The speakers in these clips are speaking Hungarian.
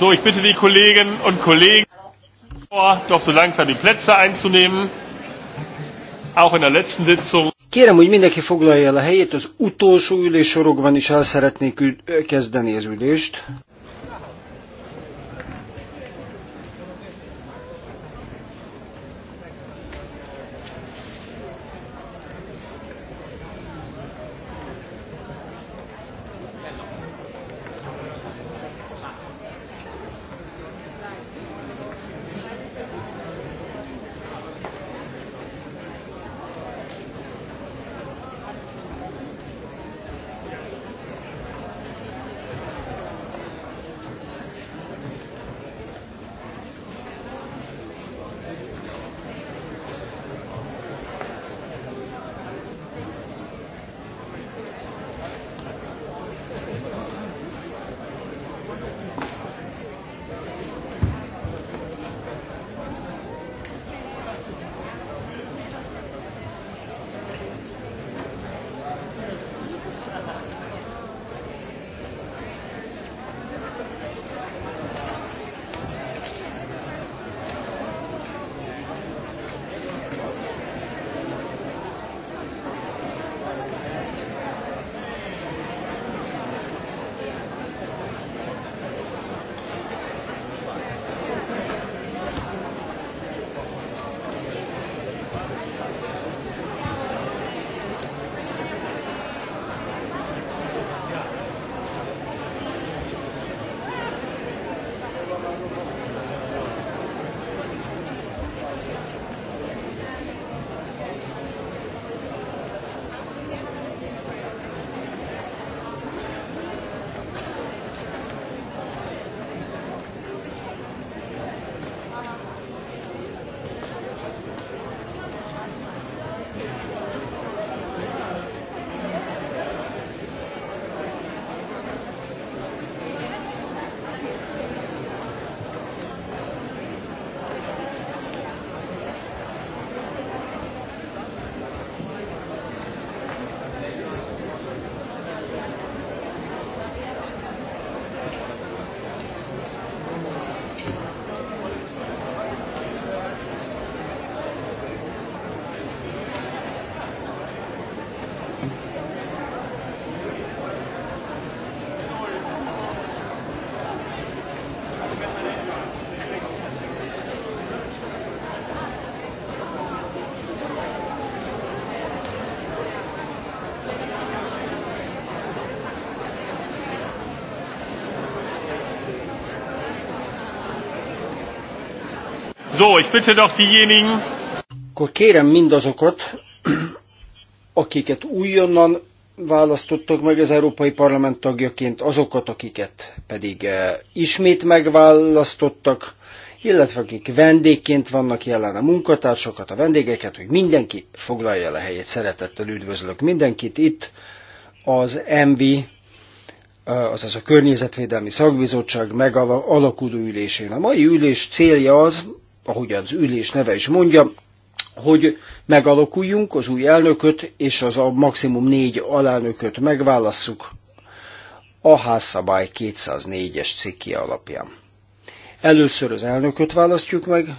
So, ich bitte die Kolleginnen und Kollegen, doch so langsam die Plätze einzunehmen. Auch in der letzten Sitzung. Kérem, hogy mindenki foglalja el a helyét, az utolsó ülés sorokban is el szeretnék kezdeni az ülést. So, ich bitte doch diejenigen. Akkor kérem mindazokat, akiket újonnan választottak meg az Európai Parlament tagjaként, azokat, akiket pedig eh, ismét megválasztottak, illetve akik vendégként vannak jelen a munkatársokat, a vendégeket, hogy mindenki foglalja le helyét. Szeretettel üdvözlök mindenkit itt az MV eh, azaz a Környezetvédelmi Szakbizottság megalakuló ülésén. A mai ülés célja az, ahogy az ülés neve is mondja, hogy megalakuljunk, az új elnököt és az a maximum négy alelnököt megválasszuk a házszabály 204-es cikki alapján. Először az elnököt választjuk meg,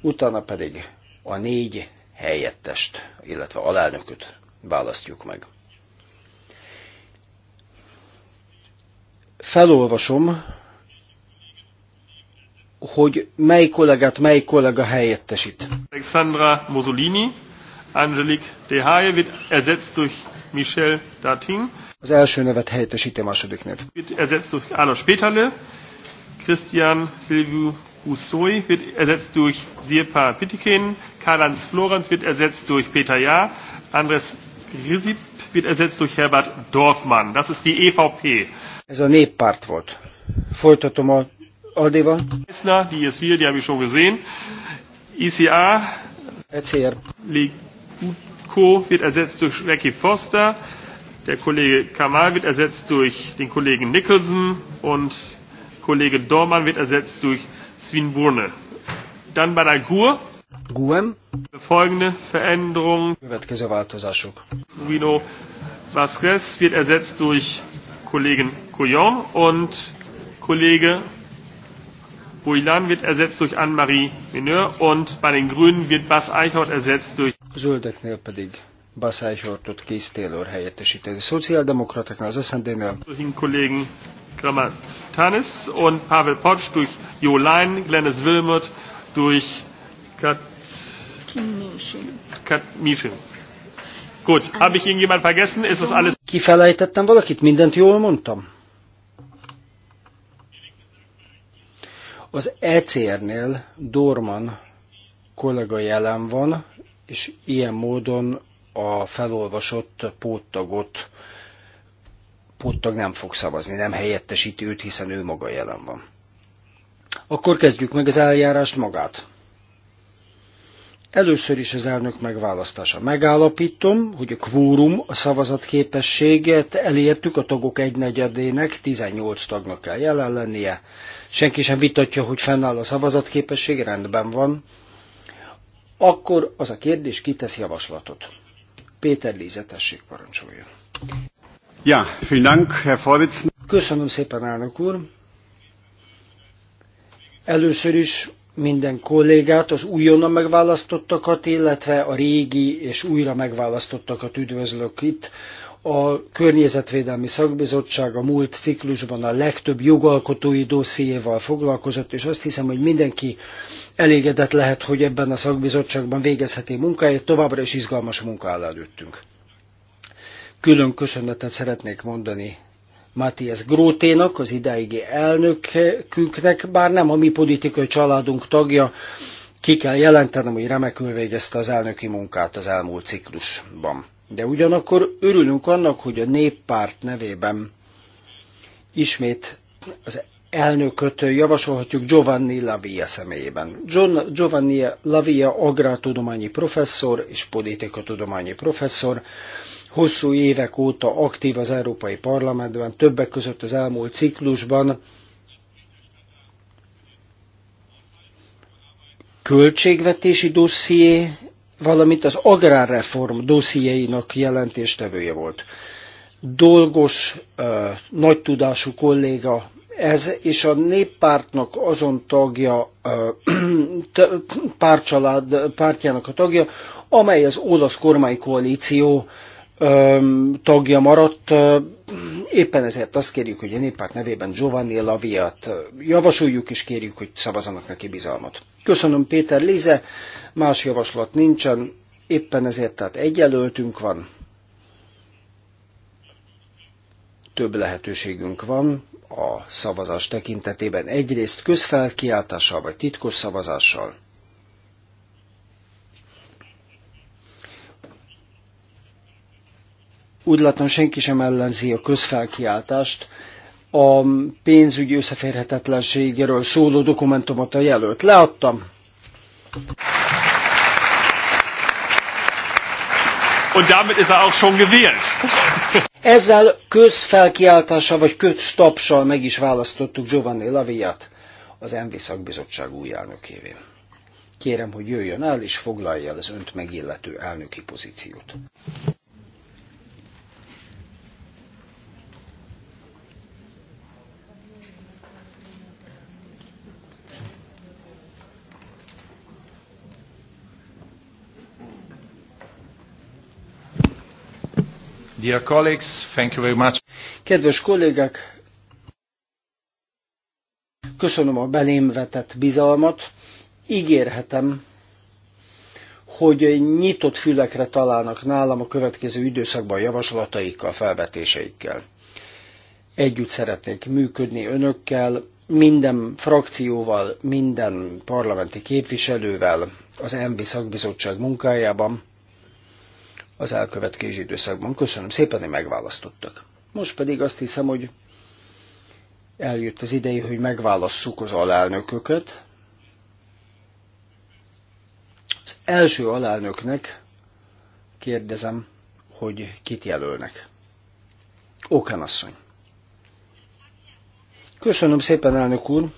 utána pedig a négy helyettest, illetve alelnököt választjuk meg. Felolvasom hogy mely kollégát mely kollega helyettesít. Alexandra Mosolini, Angelique Dehaye wird ersetzt durch Michel Datin. Az első nevet helyettesíti a második név. Wird ersetzt durch Alois Peterle, Christian Silvio Usoi wird ersetzt durch Sirpa Pitikin, Karl-Heinz Florenz wird ersetzt durch Peter Jahr, Andres Grisip wird ersetzt durch Herbert Dorfmann. Das ist die EVP. Ez a néppárt volt. Folytatom a Aldéva. Eisner, die ist hier, die habe ich schon gesehen. ICA. Erzähl. Ligutko wird ersetzt durch Jackie Foster. Der Kollege Kamal wird ersetzt durch den Kollegen Nicholson und Kollege Dormann wird ersetzt durch Swinburne. Dann bei der GUR. E. GUEM. Folgende Veränderung. Következő Rino Vasquez wird ersetzt durch Kollegen Coyon und Kollege Bouilan wird ersetzt durch Anne-Marie Mineur und bei den Grünen wird Bas Eichhorst ersetzt durch... A zöldeknél pedig Bas Eichhortot Keith Taylor helyettesíteni. szociáldemokrataknál az SND-nél... ...durch den Kollegen Kramer Gramatanis und Pavel Potsch durch Jo Lein, Glennis Wilmot durch Kat... Kat Mischen. Gut, habe ich irgendjemand vergessen? Ist das alles... Kifelejtettem valakit? Mindent jól mondtam? Az ECR-nél Dorman kollega jelen van, és ilyen módon a felolvasott póttagot póttag nem fog szavazni, nem helyettesíti őt, hiszen ő maga jelen van. Akkor kezdjük meg az eljárást magát. Először is az elnök megválasztása. Megállapítom, hogy a kvórum, a szavazatképességet elértük a tagok egynegyedének, 18 tagnak kell jelen lennie. Senki sem vitatja, hogy fennáll a szavazatképesség, rendben van. Akkor az a kérdés, ki tesz javaslatot? Péter Líze, tessék parancsoljon. Ja, vielen Dank, Herr Vorsitzender. Köszönöm szépen, elnök úr. Először is minden kollégát, az újonnan megválasztottakat, illetve a régi és újra megválasztottakat üdvözlök itt. A Környezetvédelmi Szakbizottság a múlt ciklusban a legtöbb jogalkotói dossziéval foglalkozott, és azt hiszem, hogy mindenki elégedett lehet, hogy ebben a szakbizottságban végezheti munkáját, továbbra is izgalmas munka áll előttünk. Külön köszönetet szeretnék mondani Matthias Gróténak, az idáigi elnökünknek, bár nem a mi politikai családunk tagja, ki kell jelentenem, hogy remekül végezte az elnöki munkát az elmúlt ciklusban. De ugyanakkor örülünk annak, hogy a néppárt nevében ismét az elnököt javasolhatjuk Giovanni Lavia személyében. John, Giovanni Lavia agrátudományi professzor és politikatudományi professzor, hosszú évek óta aktív az Európai Parlamentben, többek között az elmúlt ciklusban. Költségvetési dosszié, valamint az agrárreform dossziéinak jelentéstevője volt. Dolgos, nagy tudású kolléga ez, és a néppártnak azon tagja, pártcsalád, pártjának a tagja, amely az olasz kormánykoalíció tagja maradt. Éppen ezért azt kérjük, hogy a néppárt nevében Giovanni Laviat javasoljuk, és kérjük, hogy szavazanak neki bizalmat. Köszönöm Péter Léze, más javaslat nincsen, éppen ezért tehát egyelőltünk van, több lehetőségünk van a szavazás tekintetében. Egyrészt közfelkiáltással vagy titkos szavazással, Úgy látom, senki sem ellenzi a közfelkiáltást. A pénzügyi összeférhetetlenségéről szóló dokumentumot a jelölt. Leadtam. Und damit ist er auch schon gewählt. Ezzel közfelkiáltással vagy köztapsal meg is választottuk Giovanni Laviat az MV szakbizottság új elnökévé. Kérem, hogy jöjjön el és foglalja el az önt megillető elnöki pozíciót. Dear colleagues, thank you very much. Kedves kollégák, köszönöm a belém vetett bizalmat. Ígérhetem, hogy nyitott fülekre találnak nálam a következő időszakban javaslataikkal, felvetéseikkel. Együtt szeretnék működni önökkel, minden frakcióval, minden parlamenti képviselővel az MB szakbizottság munkájában, az elkövetkező időszakban. Köszönöm szépen, hogy megválasztottak. Most pedig azt hiszem, hogy eljött az ideje, hogy megválasszuk az alelnököket. Az első alelnöknek kérdezem, hogy kit jelölnek. Okan asszony. Köszönöm szépen, elnök úr.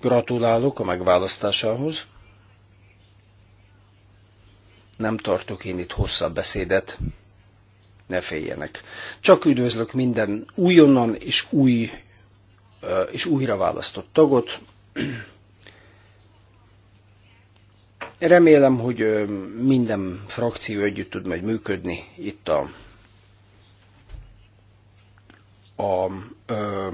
Gratulálok a megválasztásához. Nem tartok én itt hosszabb beszédet, ne féljenek. Csak üdvözlök minden újonnan és új és újra választott tagot. Remélem, hogy minden frakció együtt tud majd működni itt a, a a, a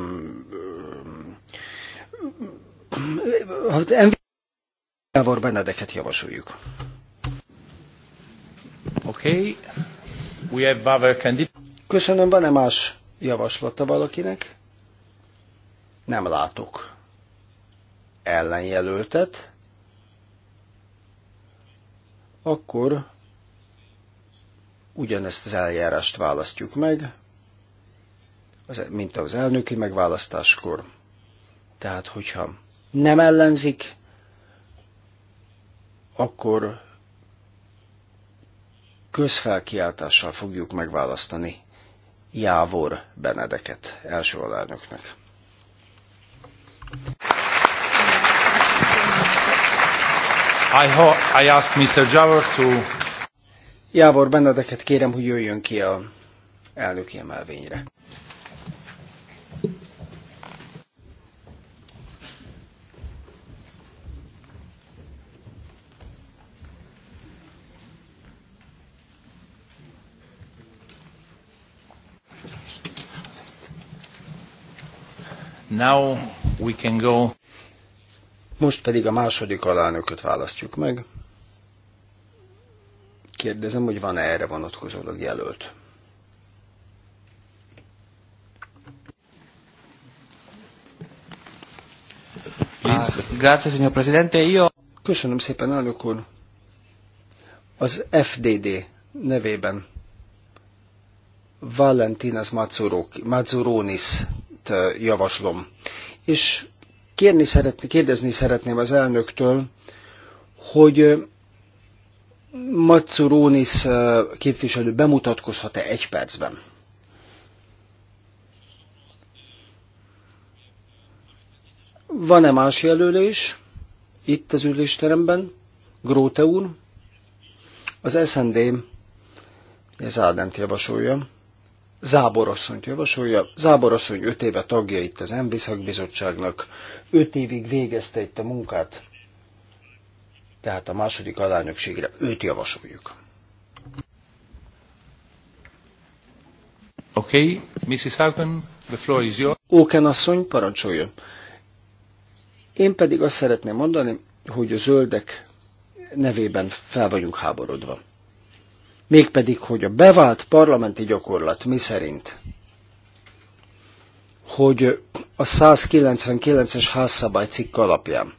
a, a, a Benedeket javasoljuk. Köszönöm, van-e más javaslata valakinek? Nem látok. Ellenjelöltet? Akkor ugyanezt az eljárást választjuk meg, mint az elnöki megválasztáskor. Tehát, hogyha nem ellenzik, akkor közfelkiáltással fogjuk megválasztani Jávor Benedeket első alelnöknek. I, I ask Mr. Javor to... Jávor Benedeket kérem, hogy jöjjön ki a elnöki emelvényre. Now we can go. Most pedig a második alelnököt választjuk meg. Kérdezem, hogy van-e erre vonatkozólag jelölt. Grazie, signor Presidente. Io... Köszönöm szépen, elnök úr. Az FDD nevében Valentinas Mazzuronis tehát javaslom. És kérni szeretni, kérdezni szeretném az elnöktől, hogy Matsurónis képviselő bemutatkozhat-e egy percben? Van-e más jelölés itt az ülésteremben? Gróte úr? Az SND ez Ádent javasolja. Záborasszonyt javasolja. Záborasszony öt éve tagja itt az MB szakbizottságnak, öt évig végezte itt a munkát, tehát a második alánökségre őt javasoljuk. Okay, Mrs. Hauken, the floor is yours. Óken asszony, parancsoljon. Én pedig azt szeretném mondani, hogy a zöldek nevében fel vagyunk háborodva mégpedig, hogy a bevált parlamenti gyakorlat mi szerint, hogy a 199-es házszabály cikk alapján,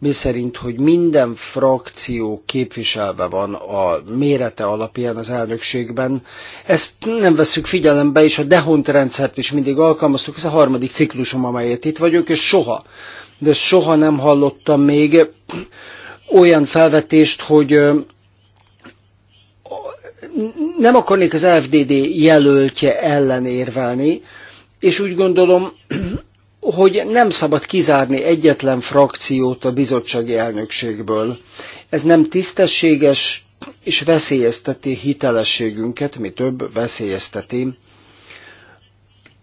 mi szerint, hogy minden frakció képviselve van a mérete alapján az elnökségben. Ezt nem veszük figyelembe, és a dehont rendszert is mindig alkalmaztuk, ez a harmadik ciklusom, amelyet itt vagyunk, és soha, de soha nem hallottam még olyan felvetést, hogy nem akarnék az FDD jelöltje ellen érvelni, és úgy gondolom, hogy nem szabad kizárni egyetlen frakciót a bizottsági elnökségből. Ez nem tisztességes, és veszélyezteti hitelességünket, mi több veszélyezteti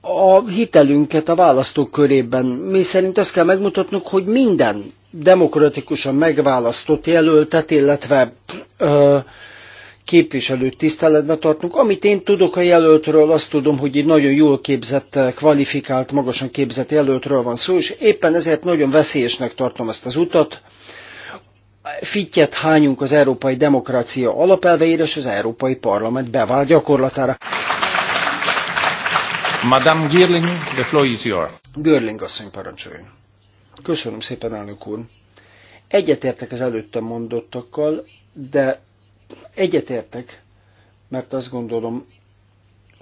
a hitelünket a választók körében. Mi szerint azt kell megmutatnunk, hogy minden demokratikusan megválasztott jelöltet, illetve ö, képviselőt tiszteletbe tartunk. Amit én tudok a jelöltről, azt tudom, hogy egy nagyon jól képzett, kvalifikált, magasan képzett jelöltről van szó, és éppen ezért nagyon veszélyesnek tartom ezt az utat. Fittyet hányunk az európai demokrácia alapelveire és az európai parlament bevált gyakorlatára. Madame Girling, the floor is your. Görling asszony parancsoljon. Köszönöm szépen, elnök úr. Egyetértek az előttem mondottakkal, de Egyetértek, mert azt gondolom,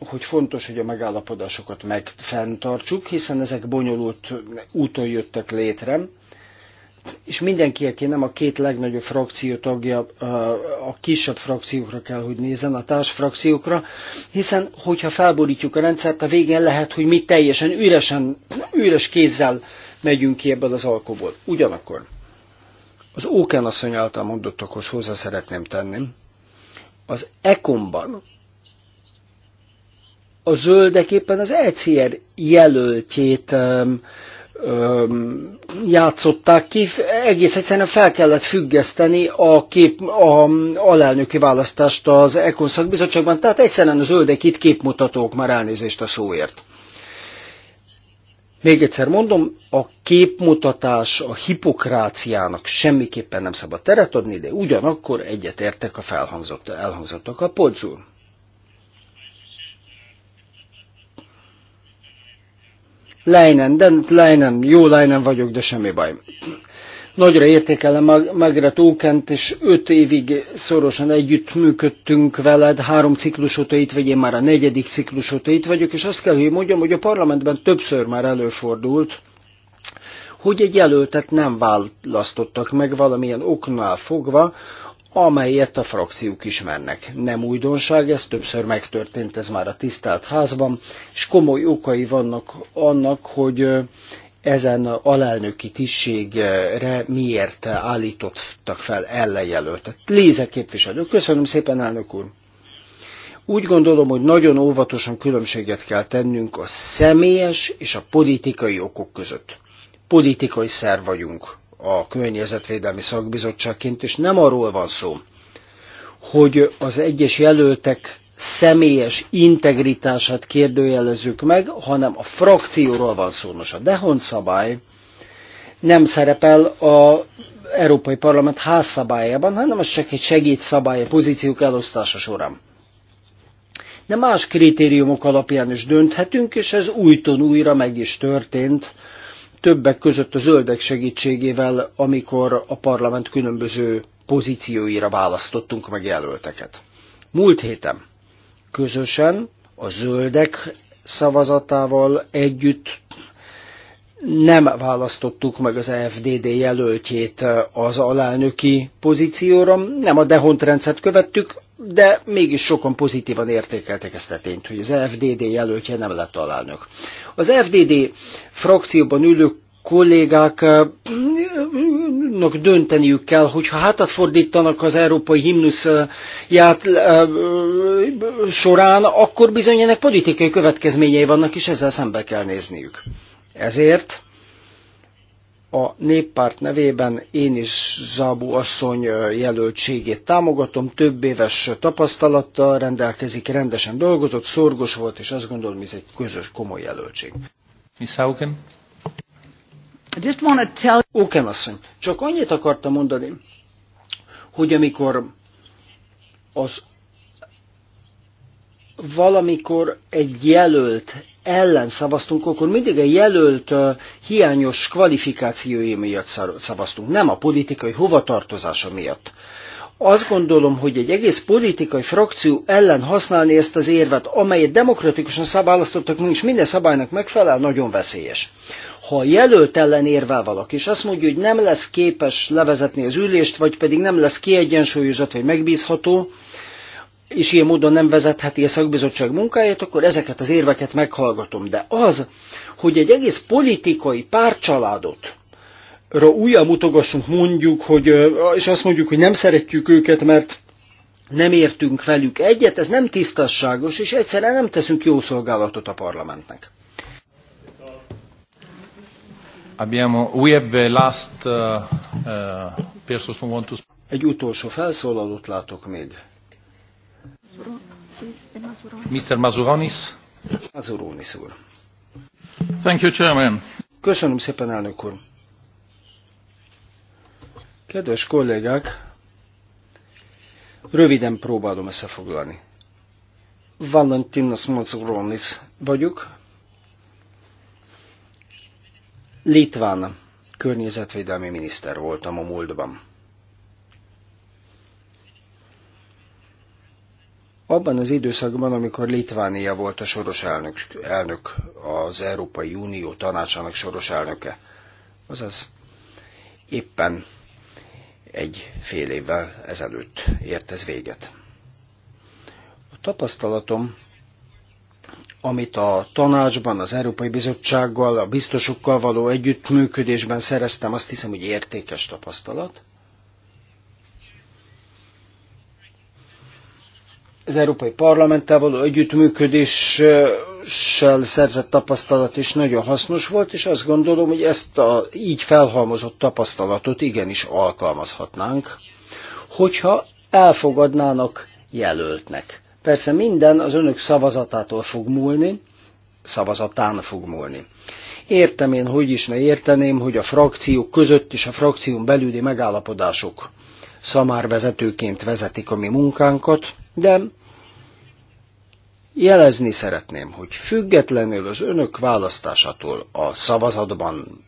hogy fontos, hogy a megállapodásokat megfenntartsuk, hiszen ezek bonyolult úton jöttek létre, és mindenki, aki nem a két legnagyobb frakció tagja, a kisebb frakciókra kell, hogy nézen, a társfrakciókra, hiszen hogyha felborítjuk a rendszert, a végén lehet, hogy mi teljesen üresen, üres kézzel megyünk ki ebből az alkoból. Ugyanakkor az Óken asszony által mondottakhoz hozzá szeretném tenni, az ekomban, a zöldek éppen az ECR jelöltjét um, um, játszották ki, egész egyszerűen fel kellett függeszteni a, kép, a alelnöki választást az ECON szakbizottságban, tehát egyszerűen a zöldek itt képmutatók, már elnézést a szóért. Még egyszer mondom, a képmutatás a hipokráciának semmiképpen nem szabad teret adni, de ugyanakkor egyetértek a felhangzott, elhangzottak a podzsul. Leinen, de Leinen, jó Leinen vagyok, de semmi baj. Nagyra értékelem Magra Tókent, és öt évig szorosan együtt működtünk veled, három ciklus óta itt vagy, én már a negyedik ciklus óta itt vagyok, és azt kell, hogy mondjam, hogy a parlamentben többször már előfordult, hogy egy jelöltet nem választottak meg valamilyen oknál fogva, amelyet a frakciók ismernek. Nem újdonság, ez többször megtörtént, ez már a tisztelt házban, és komoly okai vannak annak, hogy ezen alelnöki tisztségre miért állítottak fel ellenjelöltet. Léze képviselő, köszönöm szépen, elnök úr! Úgy gondolom, hogy nagyon óvatosan különbséget kell tennünk a személyes és a politikai okok között. Politikai szer vagyunk a Környezetvédelmi Szakbizottságként, és nem arról van szó, hogy az egyes jelöltek személyes integritását kérdőjelezzük meg, hanem a frakcióról van szó. Nos, a Dehon szabály nem szerepel a Európai Parlament házszabályában, hanem ez csak egy segédszabály a pozíciók elosztása során. De más kritériumok alapján is dönthetünk, és ez újton újra meg is történt, többek között a zöldek segítségével, amikor a parlament különböző pozícióira választottunk meg jelölteket. Múlt héten közösen, a zöldek szavazatával együtt nem választottuk meg az FDD jelöltjét az alelnöki pozícióra, nem a Dehont rendszert követtük, de mégis sokan pozitívan értékeltek ezt a tényt, hogy az FDD jelöltje nem lett alelnök. Az FDD frakcióban ülők kollégáknak eh, dönteniük kell, hogyha hátat fordítanak az európai himnusz eh, ját, eh, során, akkor bizony ennek politikai következményei vannak, és ezzel szembe kell nézniük. Ezért a néppárt nevében én is Zábú asszony jelöltségét támogatom, több éves tapasztalattal rendelkezik, rendesen dolgozott, szorgos volt, és azt gondolom, ez egy közös komoly jelöltség. Miss Hauken? tell... Oké, okay, asszony. Csak annyit akartam mondani, hogy amikor az valamikor egy jelölt ellen szavaztunk, akkor mindig a jelölt hiányos kvalifikációi miatt szavaztunk, nem a politikai hovatartozása miatt. Azt gondolom, hogy egy egész politikai frakció ellen használni ezt az érvet, amelyet demokratikusan választottak és minden szabálynak megfelel, nagyon veszélyes. Ha a jelölt ellen érvel valaki, és azt mondja, hogy nem lesz képes levezetni az ülést, vagy pedig nem lesz kiegyensúlyozott, vagy megbízható, és ilyen módon nem vezetheti a szakbizottság munkáját, akkor ezeket az érveket meghallgatom. De az, hogy egy egész politikai párcsaládot újra mutogassunk, mondjuk, hogy, és azt mondjuk, hogy nem szeretjük őket, mert nem értünk velük egyet, ez nem tisztasságos, és egyszerűen nem teszünk jó szolgálatot a parlamentnek. Abbiamo, we have the last uh, uh, want to... Egy utolsó felszólalót látok még. Mr. Mazuronis. Mazuronis úr. Thank you, Chairman. Köszönöm szépen, elnök úr. Kedves kollégák, röviden próbálom összefoglalni. Valentinos Mazuronis vagyok, Litván környezetvédelmi miniszter voltam a múltban. Abban az időszakban, amikor Litvánia volt a soros elnök, elnök az Európai Unió tanácsának soros elnöke, azaz éppen egy fél évvel ezelőtt ért ez véget. A tapasztalatom amit a tanácsban, az Európai Bizottsággal, a biztosokkal való együttműködésben szereztem, azt hiszem, hogy értékes tapasztalat. Az Európai Parlamenttel való együttműködéssel szerzett tapasztalat is nagyon hasznos volt, és azt gondolom, hogy ezt a így felhalmozott tapasztalatot igenis alkalmazhatnánk, hogyha elfogadnának jelöltnek Persze minden az önök szavazatától fog múlni, szavazatán fog múlni. Értem én, hogy is ne érteném, hogy a frakciók között és a frakción belüli megállapodások szamárvezetőként vezetik a mi munkánkat, de jelezni szeretném, hogy függetlenül az önök választásától, a szavazatban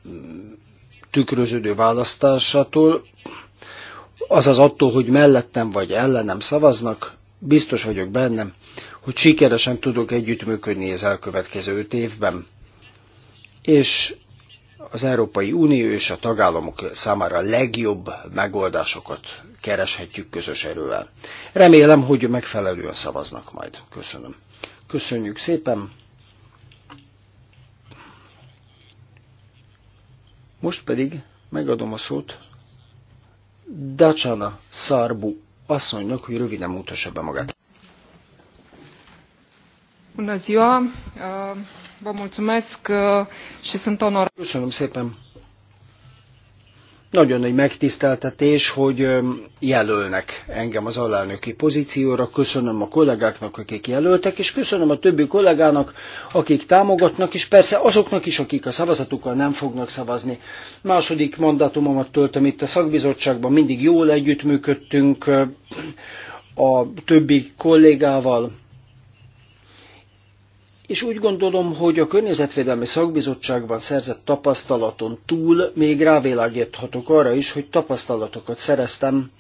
tükröződő választásától, azaz attól, hogy mellettem vagy ellenem szavaznak, biztos vagyok bennem, hogy sikeresen tudok együttműködni az elkövetkező öt évben, és az Európai Unió és a tagállamok számára legjobb megoldásokat kereshetjük közös erővel. Remélem, hogy megfelelően szavaznak majd. Köszönöm. Köszönjük szépen. Most pedig megadom a szót Dacsana Szarbu asszonynak, hogy röviden mutassa be magát. Bună ziua, uh, vă mulțumesc uh, și sunt onorat. Köszönöm szépen. Nagyon nagy megtiszteltetés, hogy jelölnek engem az alelnöki pozícióra. Köszönöm a kollégáknak, akik jelöltek, és köszönöm a többi kollégának, akik támogatnak, és persze azoknak is, akik a szavazatukkal nem fognak szavazni. Második mandátumomat töltöm itt a szakbizottságban, mindig jól együttműködtünk a többi kollégával, és úgy gondolom, hogy a Környezetvédelmi Szakbizottságban szerzett tapasztalaton túl még rávilágíthatok arra is, hogy tapasztalatokat szereztem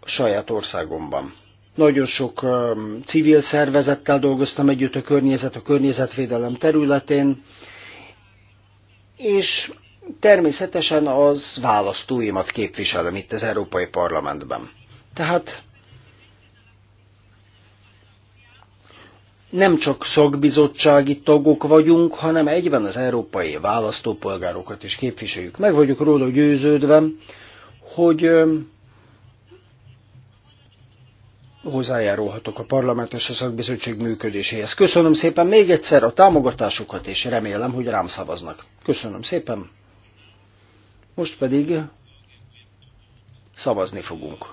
a saját országomban. Nagyon sok um, civil szervezettel dolgoztam együtt a környezet, a környezetvédelem területén, és természetesen az választóimat képviselem itt az Európai Parlamentben. Tehát nem csak szakbizottsági tagok vagyunk, hanem egyben az európai választópolgárokat is képviseljük. Meg vagyok róla győződve, hogy hozzájárulhatok a parlament és a szakbizottság működéséhez. Köszönöm szépen még egyszer a támogatásukat, és remélem, hogy rám szavaznak. Köszönöm szépen. Most pedig szavazni fogunk.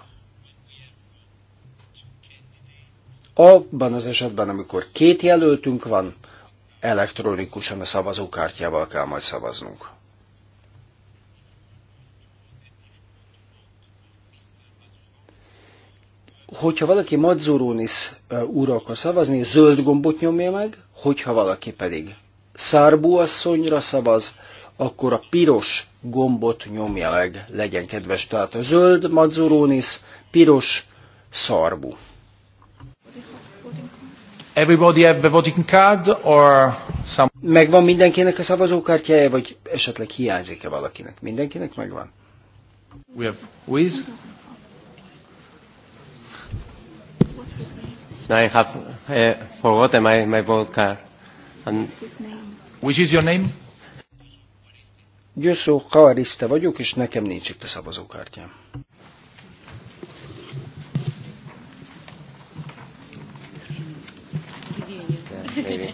Abban az esetben, amikor két jelöltünk van, elektronikusan a szavazókártyával kell majd szavaznunk. Hogyha valaki Mazzuronis úr akar szavazni, zöld gombot nyomja meg, hogyha valaki pedig Szárbú asszonyra szavaz, akkor a piros gombot nyomja meg, legyen kedves, tehát a zöld Mazzuronis, piros Szarbu. Everybody have a voting card, or some... Megvan mindenkinek a szavazókártyája, vagy esetleg hiányzik-e valakinek? Mindenkinek megvan? We have with. I have uh, forgotten my, my vote card. And... Which is your name? Győszó Kaarista vagyok, és nekem nincs itt a szavazókártyám. maybe.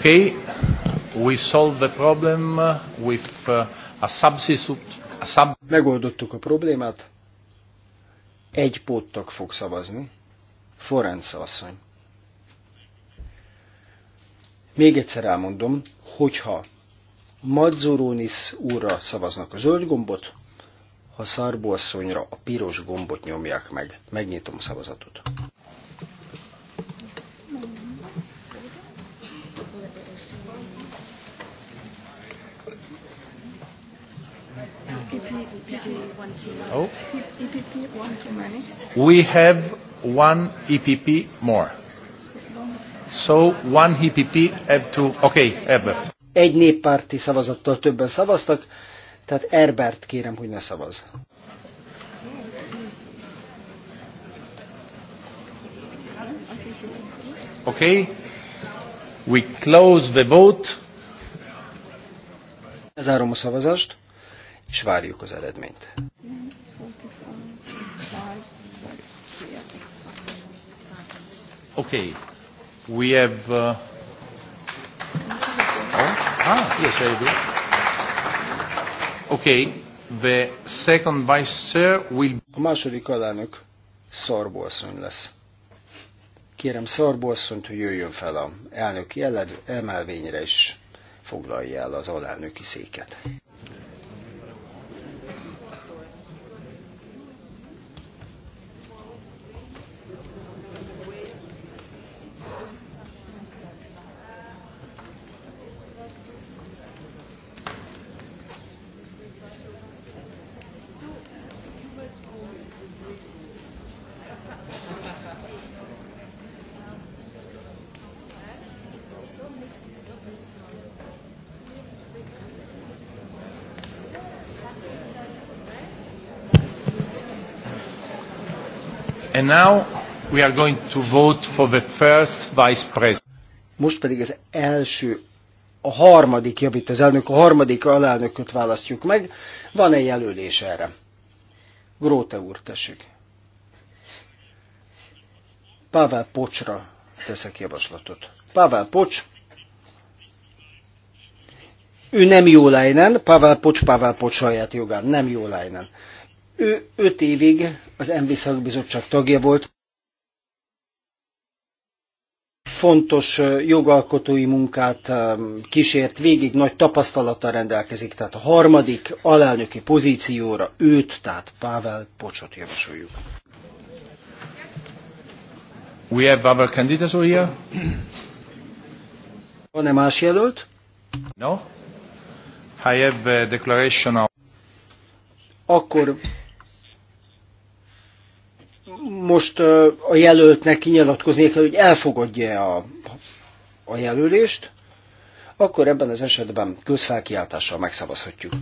Okay, we solve the problem with uh, a substitute. A sub Megoldottuk a problémát. Egy póttak fog szavazni. Forence asszony. Még egyszer elmondom, hogyha Mazzoronis úrra szavaznak a zöld gombot, ha Szarbó asszonyra a piros gombot nyomják meg. Megnyitom szavazatot. Oh. EPP one too many. We have one EPP more. So one EPP have to... Okay, Herbert. Egy néppárti szavazattal többen szavaztak, tehát Herbert kérem, hogy ne szavaz. Okay. We close the vote. Lezárom a szavazást és várjuk az eredményt. Okay. We have. Uh... Oh, ah, yes, I do. Okay. The second vice chair will. A második alelnök Szarbo asszony lesz. Kérem Szarbo asszonyt, hogy jöjjön fel a elnök jeled, emelvényre is foglalja el az alelnöki széket. And now we are going to vote for the first vice president. Most pedig az első, a harmadik javít az elnök, a harmadik alelnököt választjuk meg. van egy jelölés erre? Gróte úr, tessék. Pavel Pocsra teszek javaslatot. Pavel Pocs, ő nem jó lejnen, Pavel Pocs, Pavel Pocs saját jogán, nem jó lejnen. Ő öt évig az MV szakbizottság tagja volt. Fontos jogalkotói munkát kísért végig, nagy tapasztalattal rendelkezik, tehát a harmadik alelnöki pozícióra őt, tehát Pável Pocsot javasoljuk. We have other candidates here. Van-e más jelölt? No. I have a declaration of... Akkor most a jelöltnek kinyilatkoznia kell, hogy elfogadja a, a jelölést, akkor ebben az esetben közfelkiáltással megszavazhatjuk.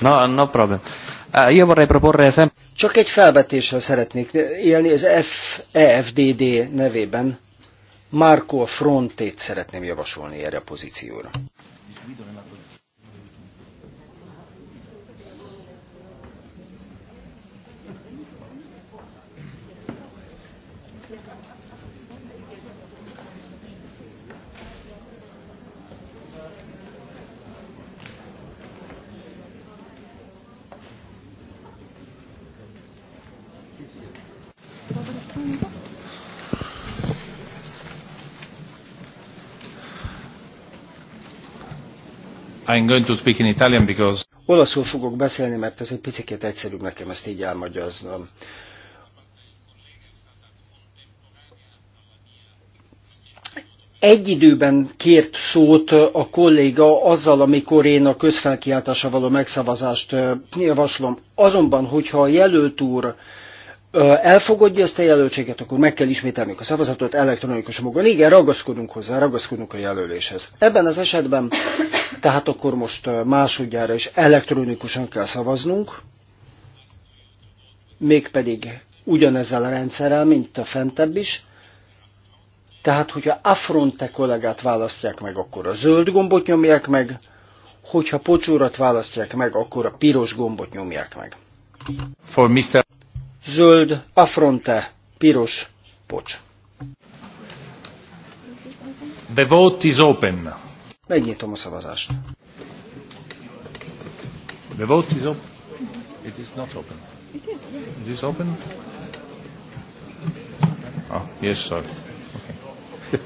No, no problem. Eh, io vorrei proporre sempre... Csak egy felvetéssel szeretnék élni, az EFDD nevében Marco Frontét szeretném javasolni erre a pozícióra. I'm going to speak in Italian because... Olaszul fogok beszélni, mert ez egy picit egyszerűbb nekem ezt így elmagyaznom. egy időben kért szót a kolléga azzal, amikor én a közfelkiáltása való megszavazást javaslom. Azonban, hogyha a jelölt úr elfogadja ezt a jelöltséget, akkor meg kell ismételnünk a szavazatot elektronikus módon. Igen, ragaszkodunk hozzá, ragaszkodunk a jelöléshez. Ebben az esetben tehát akkor most másodjára is elektronikusan kell szavaznunk, mégpedig ugyanezzel a rendszerrel, mint a fentebb is. Tehát, hogyha Affronte kollégát választják meg, akkor a zöld gombot nyomják meg, hogyha pocsúrat választják meg, akkor a piros gombot nyomják meg. For Mr. Zöld, Affronte, piros, Pocs. The vote is open. Megnyitom a szavazást. The vote is open. It is not open. It is open. this open? Ah, yes, sir. Okay.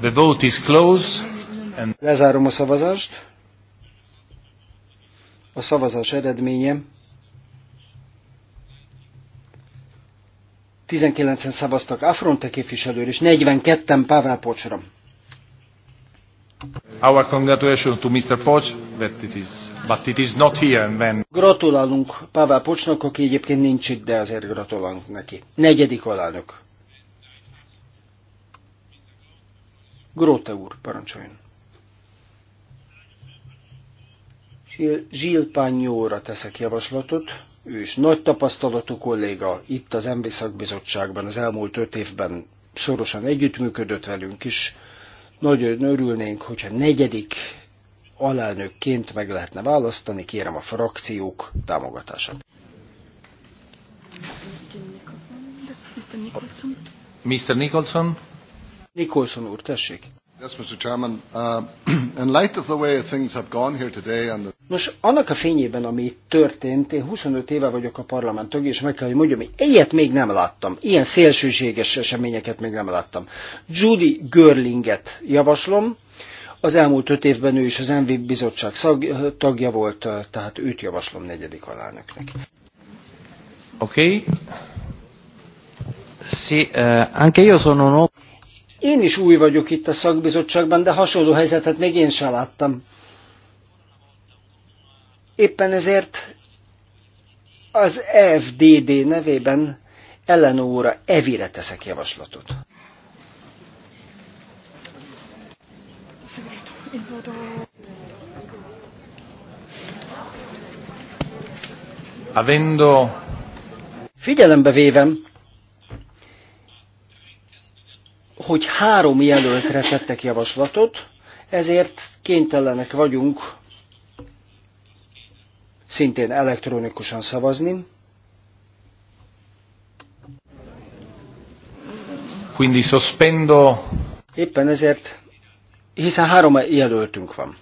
The vote is closed. And... Lezárom a szavazást. A szavazás eredménye 19-en szavaztak Afronte képviselőr, és 42-en Pavel Pocsra. Our congratulations to Mr. Poch, that it is, but it is not here and when... Gratulálunk Pavel Pocsnak, aki egyébként nincs itt, de azért gratulálunk neki. Negyedik alelnök. Gróte úr, parancsoljon. Gilles Pagnóra teszek javaslatot, ő is nagy tapasztalatú kolléga itt az MV szakbizottságban az elmúlt öt évben szorosan együttműködött velünk is. Nagyon örülnénk, hogyha negyedik alelnökként meg lehetne választani, kérem a frakciók támogatását. Mr. Nicholson? Nicholson úr, tessék. Nos, annak a fényében, ami történt, én 25 éve vagyok a parlament tagja, és meg kell, hogy mondjam, hogy ilyet még nem láttam. Ilyen szélsőséges eseményeket még nem láttam. Judy Görlinget javaslom. Az elmúlt öt évben ő is az MV bizottság szag, tagja volt, tehát őt javaslom negyedik alánöknek. Oké. Okay. Sì, uh, anche io sono un... Én is új vagyok itt a szakbizottságban, de hasonló helyzetet még én sem láttam. Éppen ezért az FDD nevében Ellenóra Evire teszek javaslatot. Avendo... Figyelembe vévem, hogy három jelöltre tettek javaslatot, ezért kénytelenek vagyunk szintén elektronikusan szavazni. Quindi sospendo. Éppen ezért, hiszen három jelöltünk van.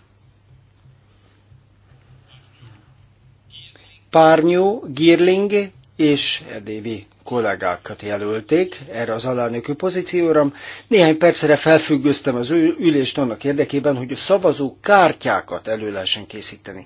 Párnyó, Girling és Edévi kollégákat jelölték erre az alelnökű pozícióra. Néhány percre felfüggöztem az ülést annak érdekében, hogy a szavazó kártyákat elő lehessen készíteni.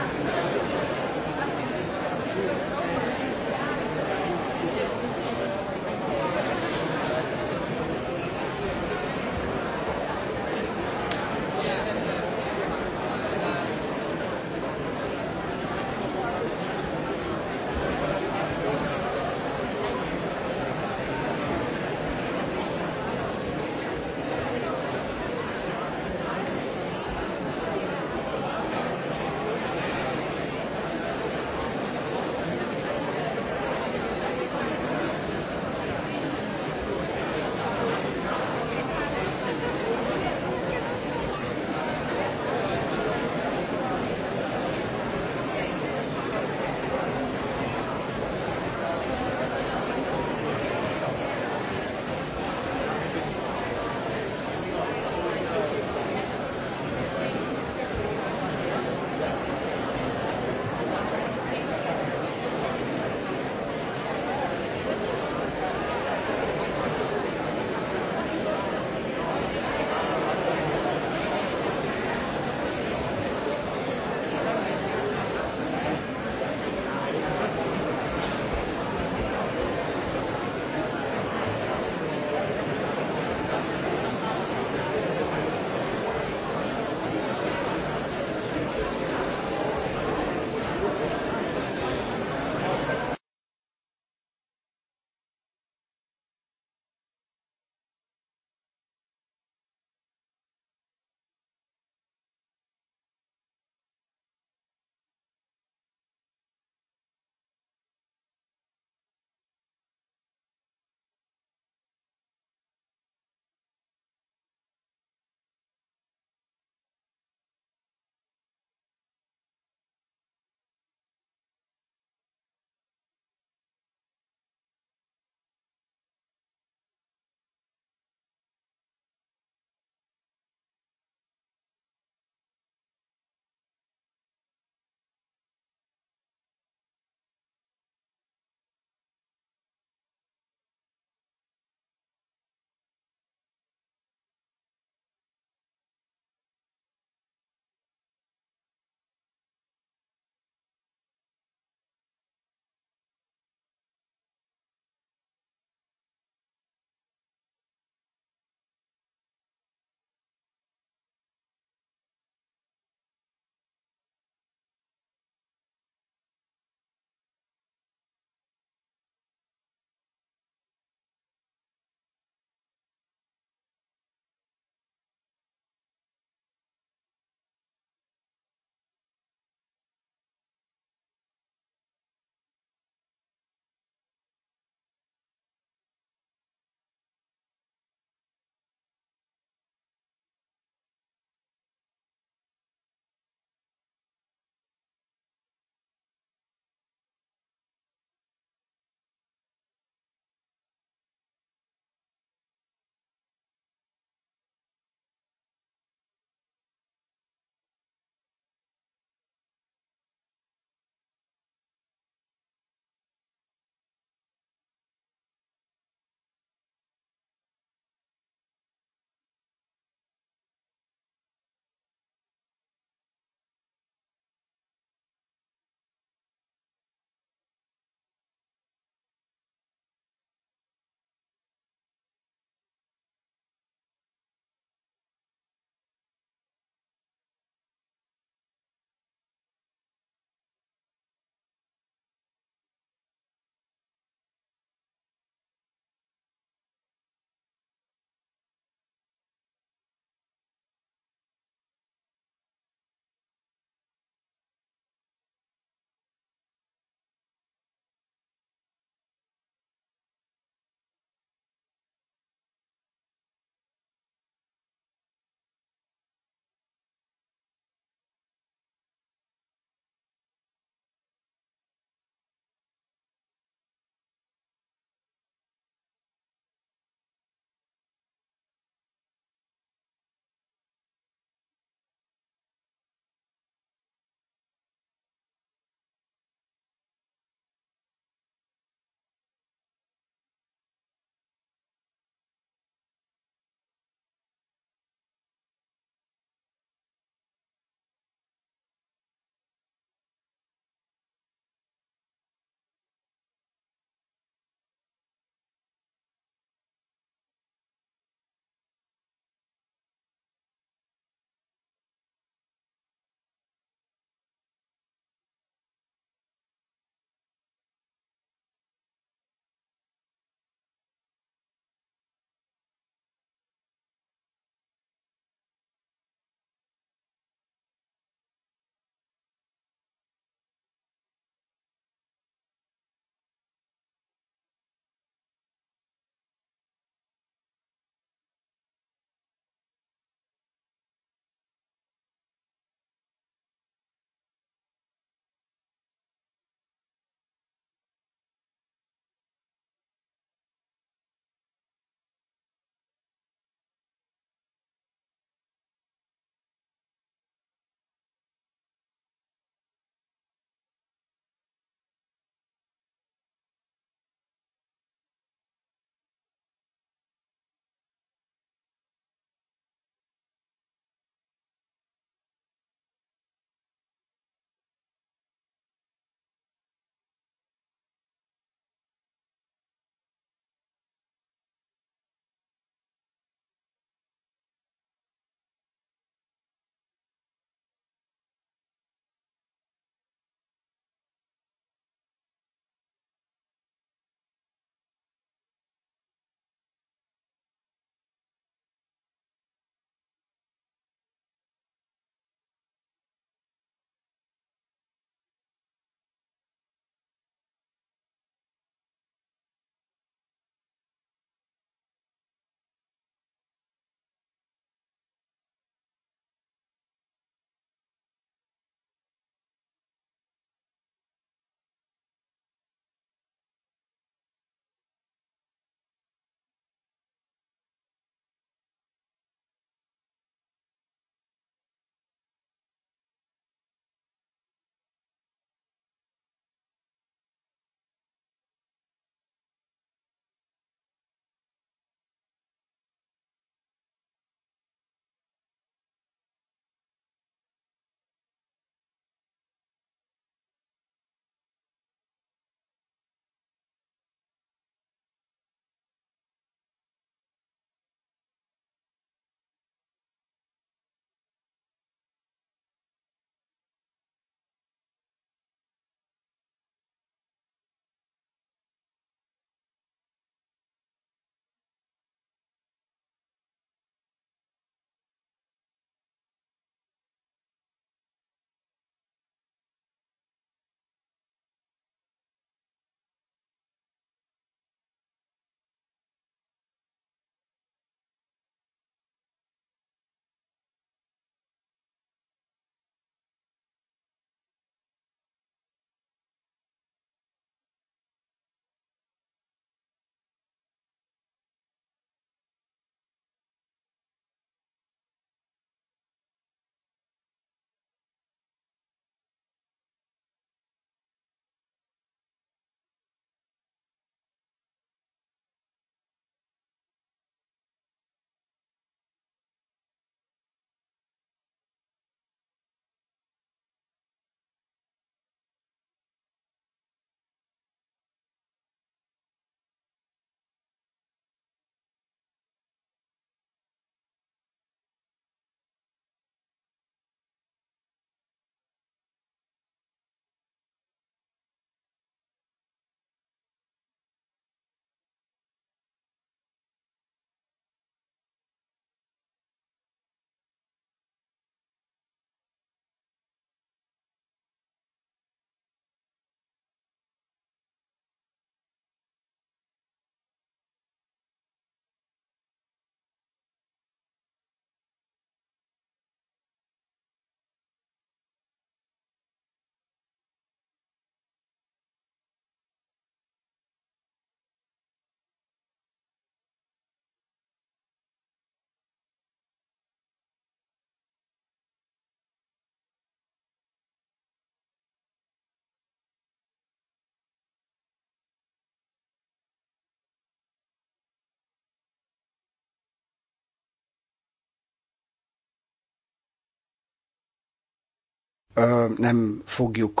nem fogjuk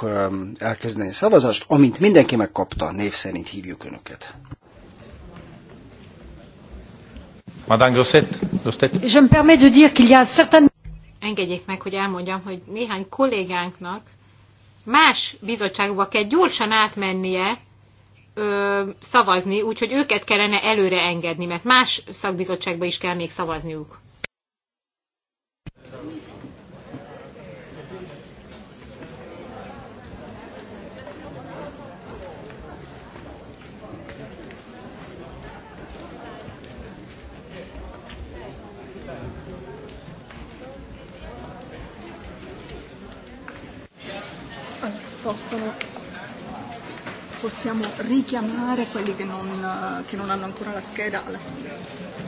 elkezdeni a szavazást, amint mindenki megkapta, név szerint hívjuk Önöket. Madame Grosset, Grosset. Je me permets de dire qu'il y a certain... Engedjék meg, hogy elmondjam, hogy néhány kollégánknak más bizottságba kell gyorsan átmennie ö, szavazni, úgyhogy őket kellene előre engedni, mert más szakbizottságba is kell még szavazniuk. possono, possiamo richiamare quelli che non, che non hanno ancora la scheda alla fine,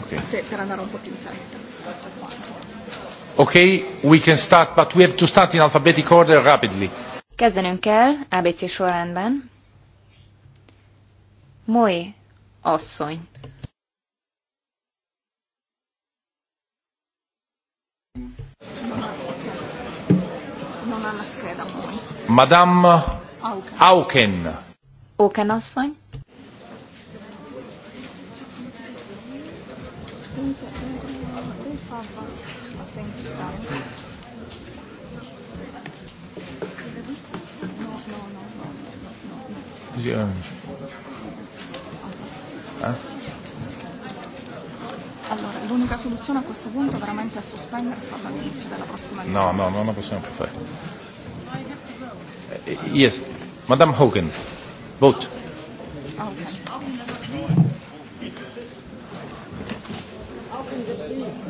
okay. se, per andare un po' più in fretta. Ok, we can start, but we have to start in alphabetic order rapidly. Kezdenünk kell, ABC sorrendben. Moi asszony. Madame Auken. Auken asszony. Allora, l'unica soluzione a questo punto è veramente è sospendere e farlo all'inizio della prossima legislatura. No, no, non la possiamo più fare yes, Madam Hogan, vote.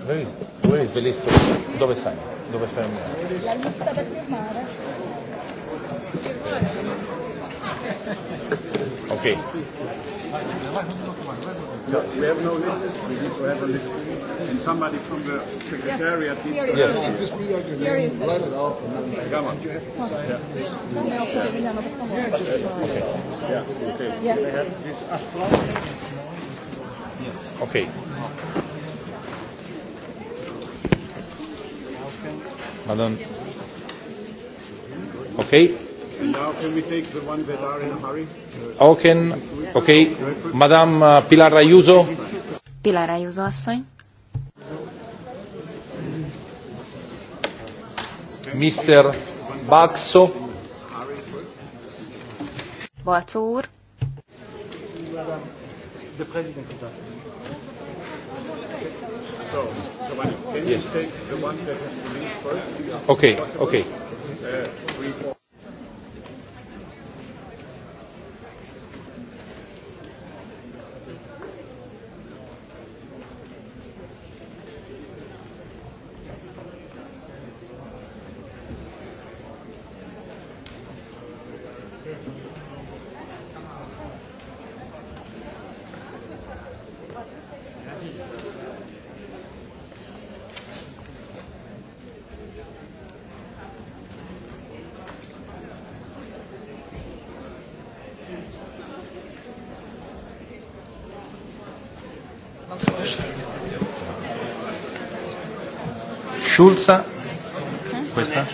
Where is, where is the list? dove Dove La lista da firmare. Okay. No, we have no list. We need to have a list. And somebody from the secretariat yes. needs to yes. have a list. Here is the list. Come on. Yeah. Yeah. Okay. Okay. Madam. Okay. Now Madame Pilar Ayuso. Pilar Ayuso asszony. Mr. Baxo. Balco úr. The president is asking. So, can you take the one that has to leave first? Okay, okay. Uh, Schulza. Questa?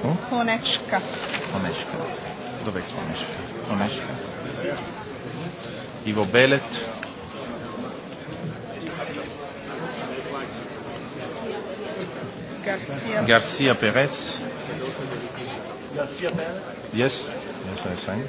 Oh? Onecska. Dov'è Onecska? Onecska. Ivo Belet. Garcia. Garcia Perez. Garcia Perez. Yes. Yes, I sign.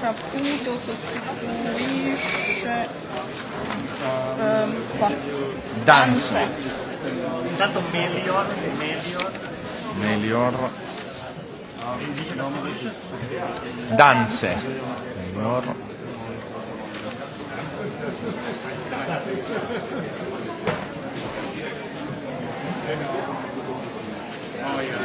capito sostituisce ehm, qua. Danza. Intanto Melior, Melior. Melior. Danze. Melior. Oh, yeah.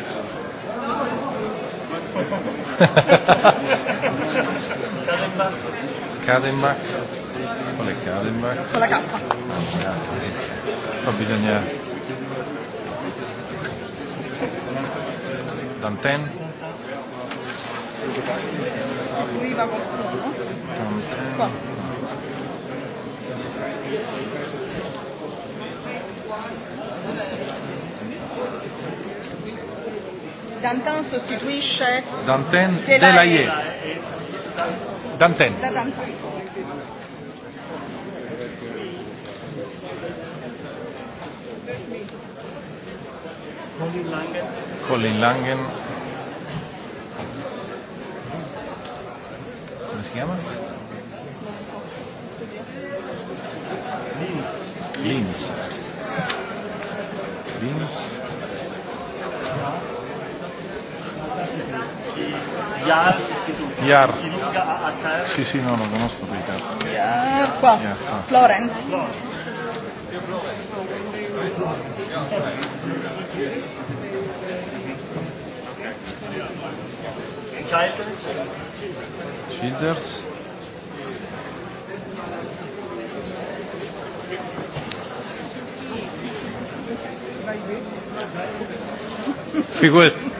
Cademac. hol Quale Cademac? Hol la K. A bisogna... Danten. Thank you. Dantin sostituisce Dantin Delaye. Dantin. Colin Langen. Colin Langen. Come si chiama? Linz. Linz. Linz. Yar Sí, sí, Yar. Sì, sì, no, lo conosco Yar, qua. Yar, Florence. Childers. Childers. Figurati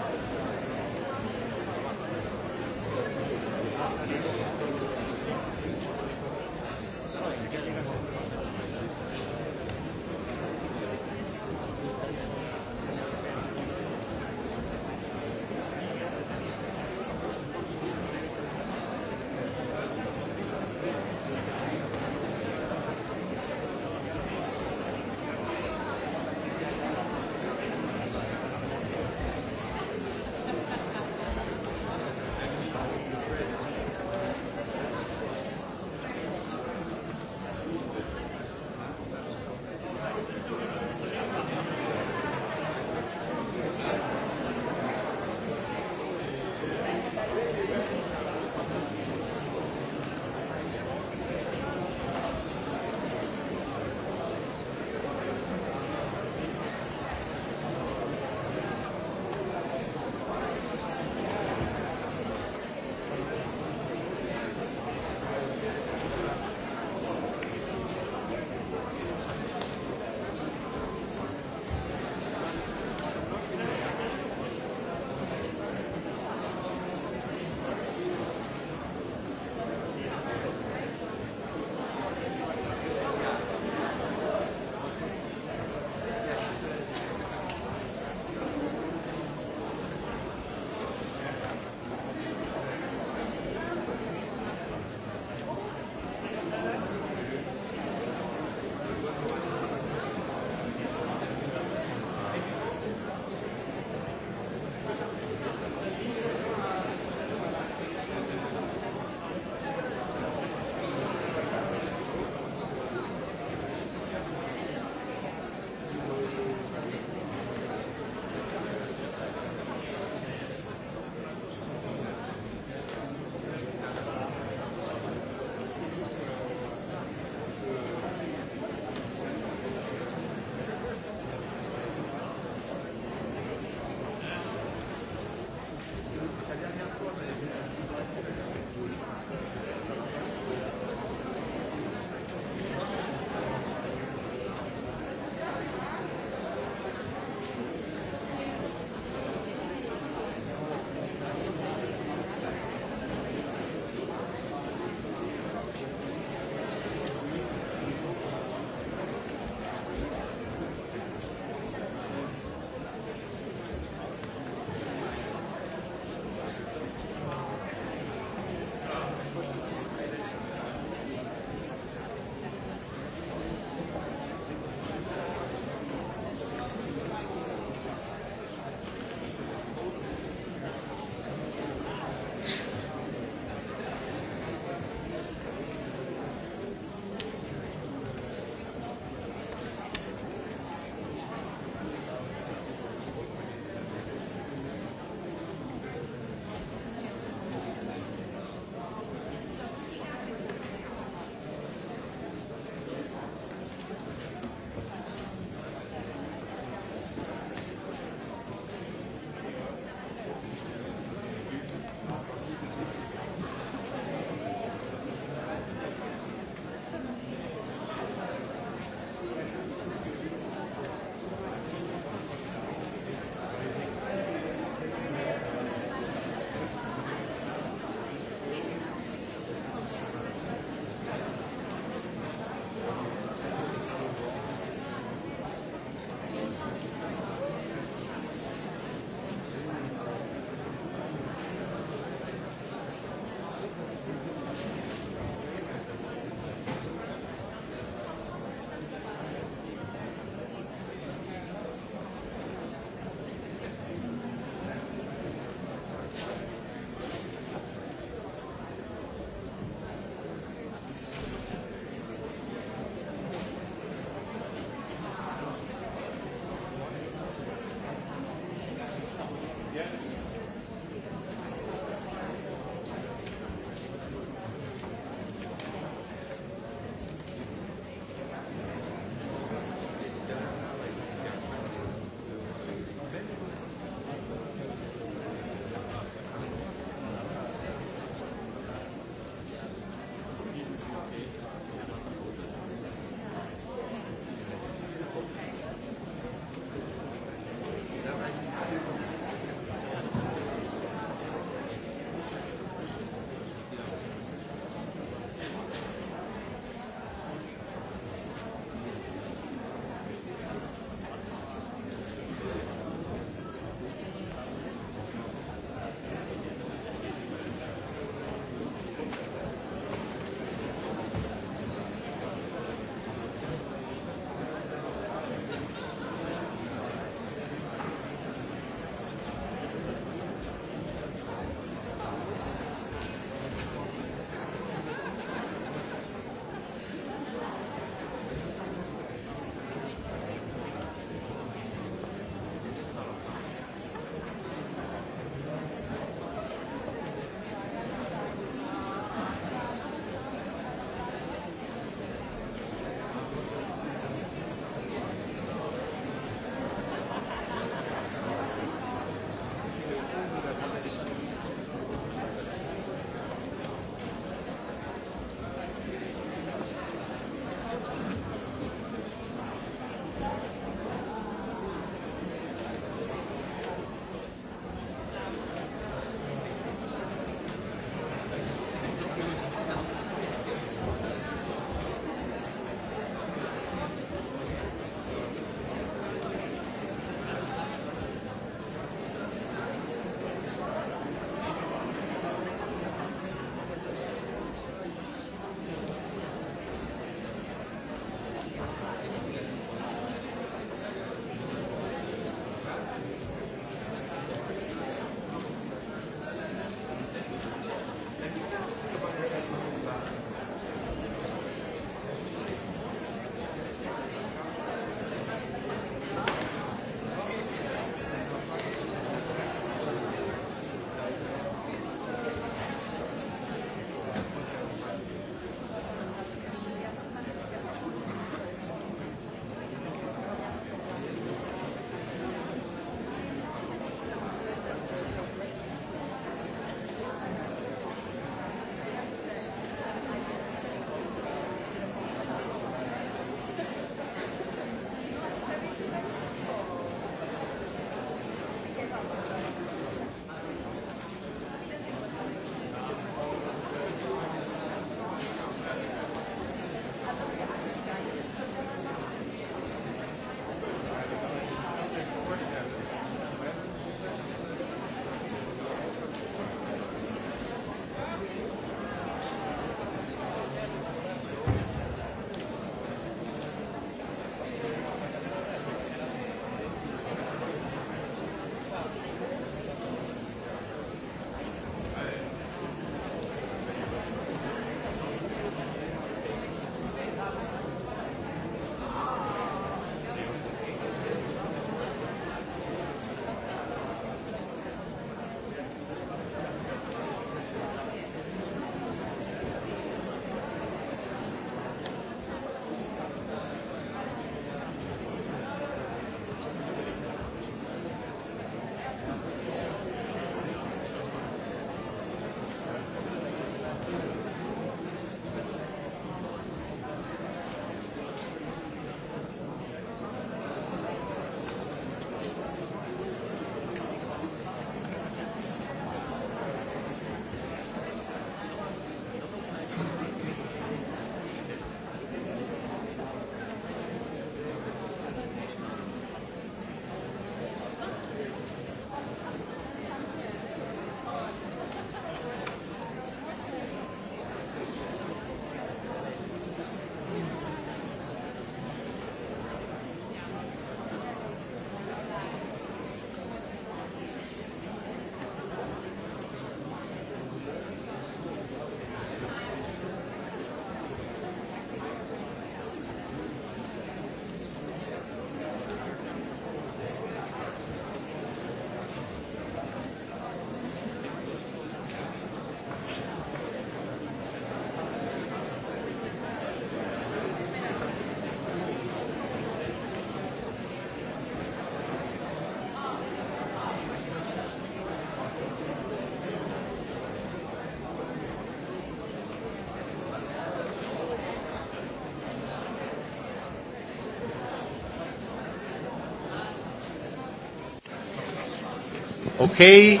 Okay.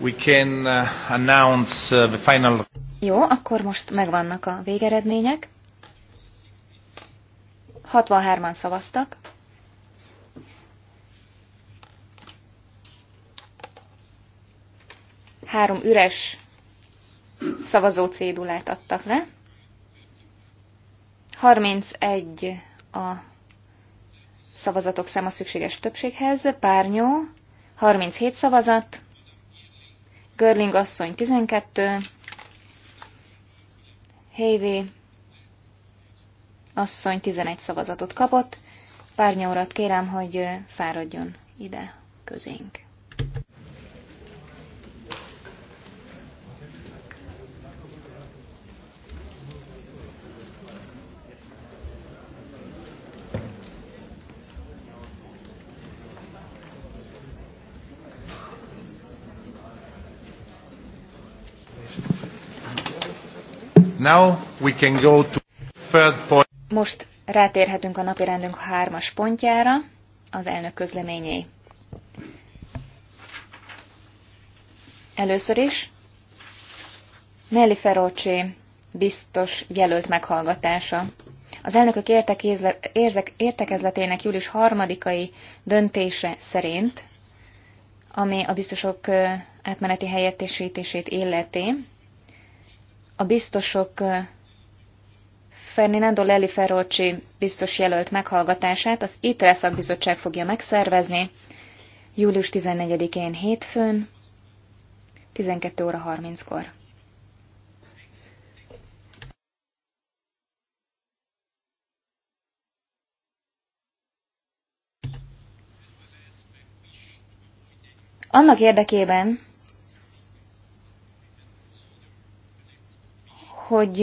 We can uh, announce uh, the final. Jó, akkor most megvannak a végeredmények. 63-an szavaztak. Három üres szavazó cédulát adtak le. 31 a szavazatok száma szükséges többséghez, Párnyó 37 szavazat, Görling asszony 12, Hévé asszony 11 szavazatot kapott, Párnyórat kérem, hogy fáradjon ide közénk. Most rátérhetünk a napirendünk hármas pontjára, az elnök közleményei. Először is Nelly Ferocsi biztos jelölt meghallgatása. Az elnökök értekezletének július harmadikai döntése szerint, ami a biztosok átmeneti helyettesítését illeti, a biztosok Ferdinando Lelli Ferrocsi biztos jelölt meghallgatását az ITRE szakbizottság fogja megszervezni július 14-én hétfőn 12 óra 30-kor. Annak érdekében, hogy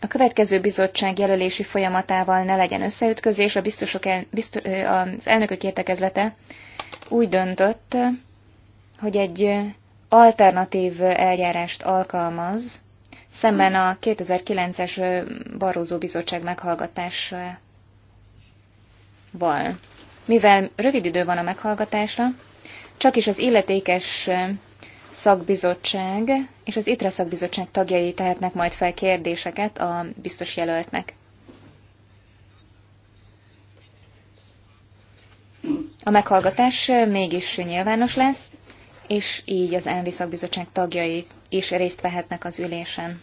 a következő bizottság jelölési folyamatával ne legyen összeütközés, a biztosok el, bizt, az elnökök értekezlete úgy döntött, hogy egy alternatív eljárást alkalmaz, szemben a 2009-es Barózó Bizottság meghallgatásával. Mivel rövid idő van a meghallgatásra, csak is az illetékes szakbizottság és az ITRE szakbizottság tagjai tehetnek majd fel kérdéseket a biztos jelöltnek. A meghallgatás mégis nyilvános lesz, és így az ENVI szakbizottság tagjai is részt vehetnek az ülésen.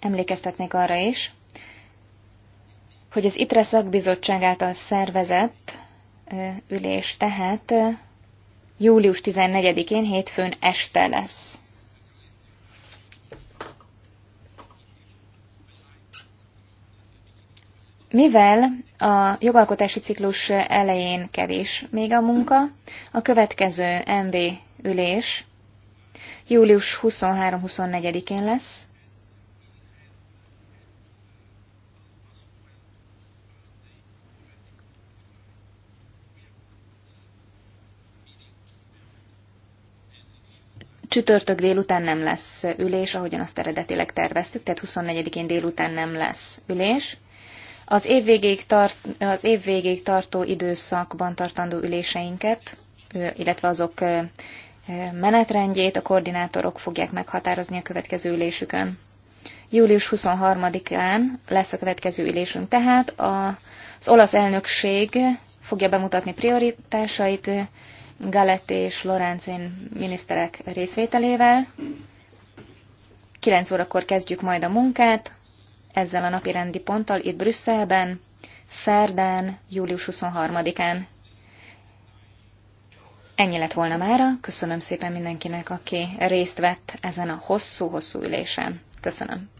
Emlékeztetnék arra is, hogy az ITRE szakbizottság által szervezett ülés tehát július 14-én hétfőn este lesz. Mivel a jogalkotási ciklus elején kevés még a munka, a következő MV ülés július 23-24-én lesz, Csütörtök délután nem lesz ülés, ahogyan azt eredetileg terveztük, tehát 24-én délután nem lesz ülés. Az év végéig, tart, az év végéig tartó időszakban tartandó üléseinket, illetve azok menetrendjét a koordinátorok fogják meghatározni a következő ülésükön. Július 23-án lesz a következő ülésünk, tehát az olasz elnökség fogja bemutatni prioritásait, Galetti és Lorenzin miniszterek részvételével. 9 órakor kezdjük majd a munkát, ezzel a napi rendi ponttal itt Brüsszelben, szerdán, július 23-án. Ennyi lett volna mára, köszönöm szépen mindenkinek, aki részt vett ezen a hosszú-hosszú ülésen. Köszönöm.